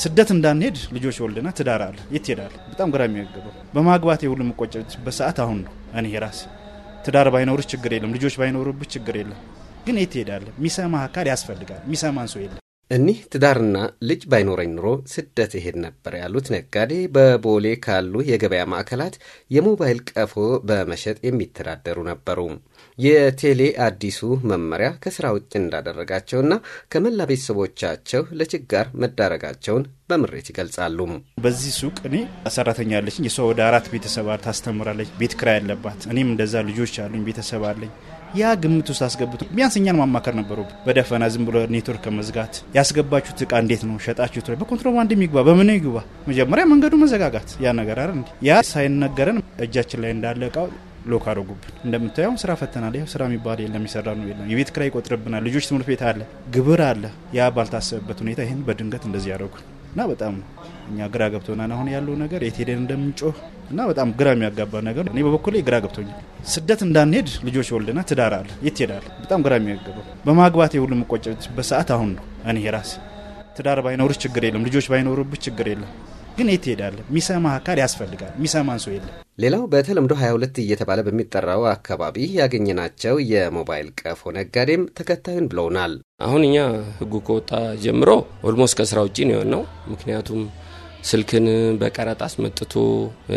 ስደት እንዳንሄድ ልጆች ወልደና ትዳር አለ የት ሄዳል? በጣም ግራ የሚያገበው በማግባት የሁሉ መቆጨበት ሰዓት አሁን ነው። እኔ ራስ ትዳር ባይኖርህ ችግር የለም፣ ልጆች ባይኖርብህ ችግር የለም። ግን የት ሄዳለ? የሚሰማ አካል ያስፈልጋል። የሚሰማን ሰው የለ እኒህ ትዳርና ልጅ ባይኖረኝ ኑሮ ስደት ይሄድ ነበር ያሉት ነጋዴ በቦሌ ካሉ የገበያ ማዕከላት የሞባይል ቀፎ በመሸጥ የሚተዳደሩ ነበሩ። የቴሌ አዲሱ መመሪያ ከስራ ውጭ እንዳደረጋቸውና ከመላ ቤተሰቦቻቸው ለችጋር መዳረጋቸውን በምሬት ይገልጻሉ። በዚህ ሱቅ እኔ ሰራተኛ ያለችኝ የሷ ወደ አራት ቤተሰብ ታስተምራለች። ቤት ክራይ ያለባት እኔም እንደዛ ልጆች አሉኝ፣ ቤተሰብ አለኝ። ያ ግምት ውስጥ አስገብቶ ቢያንስ እኛን ማማከር ነበሩ። በደፈና ዝም ብሎ ኔትወርክ መዝጋት ያስገባችሁት እቃ እንዴት ነው ሸጣችሁት? በኮንትሮባንድ የሚግባ በምን ይግባ? መጀመሪያ መንገዱ መዘጋጋት ያ ነገር አይደል ያ ሳይነገረን እጃችን ላይ እንዳለ እቃው ሎክ አድርጉብን። እንደምታየው ስራ ፈተናል። ያው ስራ የሚባል የለም፣ ይሰራ ነው የለም። የቤት ክራይ ይቆጥርብናል። ልጆች ትምህርት ቤት አለ፣ ግብር አለ። ያ ባልታሰብበት ሁኔታ ይህን በድንገት እንደዚህ ያደረጉን እና በጣም እኛ ግራ ገብቶናል። አሁን ያለው ነገር የት ሄደን እንደምንጮህ እና በጣም ግራ የሚያጋባ ነገር እኔ በበኩሌ ግራ ገብቶኛል። ስደት እንዳንሄድ ልጆች ወልድና ትዳር አለ የት ሄዳል? በጣም ግራ የሚያጋባው በማግባት የሁሉ የምቆጨበት ሰዓት አሁን ነው። እኔ ራስ ትዳር ባይኖርች ችግር የለም ልጆች ባይኖሩብች ችግር የለም ግን የት ትሄዳለህ? የሚሰማ አካል ያስፈልጋል። የሚሰማን ሰው የለም። ሌላው በተለምዶ 22 እየተባለ በሚጠራው አካባቢ ያገኘናቸው የሞባይል ቀፎ ነጋዴም ተከታዩን ብለውናል። አሁን እኛ ህጉ ከወጣ ጀምሮ ኦልሞስት ከስራ ውጭ ነው የሆነው። ምክንያቱም ስልክን በቀረጥ አስመጥቶ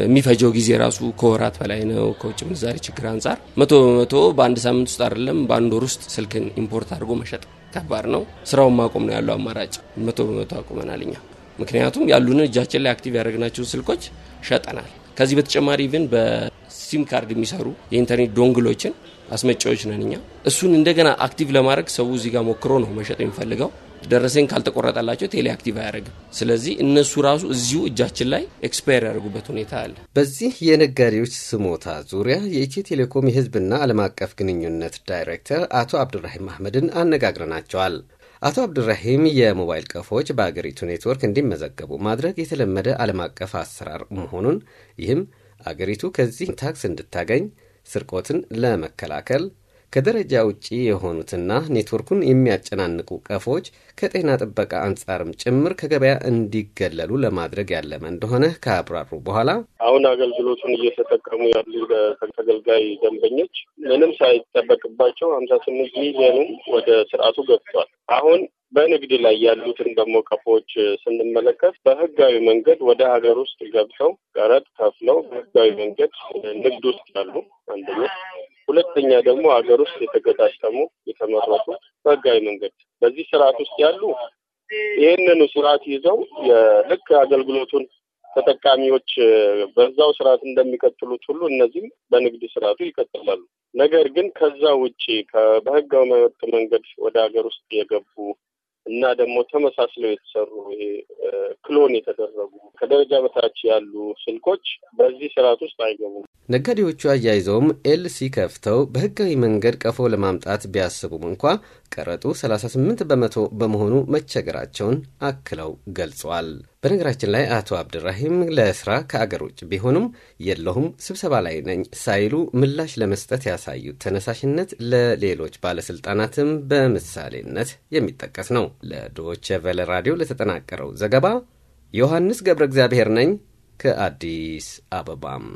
የሚፈጀው ጊዜ ራሱ ከወራት በላይ ነው። ከውጭ ምንዛሪ ችግር አንጻር መቶ በመቶ በአንድ ሳምንት ውስጥ አይደለም በአንድ ወር ውስጥ ስልክን ኢምፖርት አድርጎ መሸጥ ከባድ ነው። ስራውን ማቆም ነው ያለው አማራጭ። መቶ በመቶ አቁመናል እኛ ምክንያቱም ያሉን እጃችን ላይ አክቲቭ ያደረግናቸውን ስልኮች ሸጠናል። ከዚህ በተጨማሪ ግን በሲም ካርድ የሚሰሩ የኢንተርኔት ዶንግሎችን አስመጫዎች ነን እኛ። እሱን እንደገና አክቲቭ ለማድረግ ሰው እዚህ ጋር ሞክሮ ነው መሸጥ የሚፈልገው። ደረሰኝ ካልተቆረጠላቸው ቴሌ አክቲቭ አያደርግም። ስለዚህ እነሱ ራሱ እዚሁ እጃችን ላይ ኤክስፓየር ያደርጉበት ሁኔታ አለ። በዚህ የነጋዴዎች ስሞታ ዙሪያ የኢትዮ ቴሌኮም የሕዝብና ዓለም አቀፍ ግንኙነት ዳይሬክተር አቶ አብዱራሂም አህመድን አነጋግረናቸዋል። አቶ አብድራሂም የሞባይል ቀፎዎች በአገሪቱ ኔትወርክ እንዲመዘገቡ ማድረግ የተለመደ ዓለም አቀፍ አሰራር መሆኑን ይህም አገሪቱ ከዚህ ታክስ እንድታገኝ ስርቆትን ለመከላከል ከደረጃ ውጪ የሆኑትና ኔትወርኩን የሚያጨናንቁ ቀፎዎች ከጤና ጥበቃ አንጻርም ጭምር ከገበያ እንዲገለሉ ለማድረግ ያለመ እንደሆነ ከአብራሩ በኋላ አሁን አገልግሎቱን እየተጠቀሙ ያሉ ተገልጋይ ደንበኞች ምንም ሳይጠበቅባቸው ሀምሳ ስምንት ሚሊዮኑም ወደ ስርዓቱ ገብቷል። አሁን በንግድ ላይ ያሉትን ደግሞ ቀፎዎች ስንመለከት በህጋዊ መንገድ ወደ ሀገር ውስጥ ገብተው ቀረጥ ከፍለው በህጋዊ መንገድ ንግድ ውስጥ ያሉ አንደኛ ሁለተኛ ደግሞ ሀገር ውስጥ የተገጣጠሙ የተመረጡ በህጋዊ መንገድ በዚህ ስርዓት ውስጥ ያሉ ይህንኑ ስርዓት ይዘው የልክ አገልግሎቱን ተጠቃሚዎች በዛው ስርዓት እንደሚቀጥሉት ሁሉ እነዚህም በንግድ ስርዓቱ ይቀጥላሉ። ነገር ግን ከዛ ውጭ በህጋዊ መወጥ መንገድ ወደ ሀገር ውስጥ የገቡ እና ደግሞ ተመሳስለው የተሰሩ ይሄ ክሎን የተደረጉ ከደረጃ በታች ያሉ ስልኮች በዚህ ስርዓት ውስጥ አይገቡም። ነጋዴዎቹ አያይዘውም ኤልሲ ከፍተው በሕጋዊ መንገድ ቀፎ ለማምጣት ቢያስቡም እንኳ ቀረጡ 38 በመቶ በመሆኑ መቸገራቸውን አክለው ገልጿል። በነገራችን ላይ አቶ አብድራሂም ለስራ ከአገር ውጭ ቢሆኑም የለሁም ስብሰባ ላይ ነኝ ሳይሉ ምላሽ ለመስጠት ያሳዩት ተነሳሽነት ለሌሎች ባለስልጣናትም በምሳሌነት የሚጠቀስ ነው። ለዶቼ ቬለ ራዲዮ ለተጠናቀረው ዘገባ ዮሐንስ ገብረ እግዚአብሔር ነኝ ከአዲስ አበባም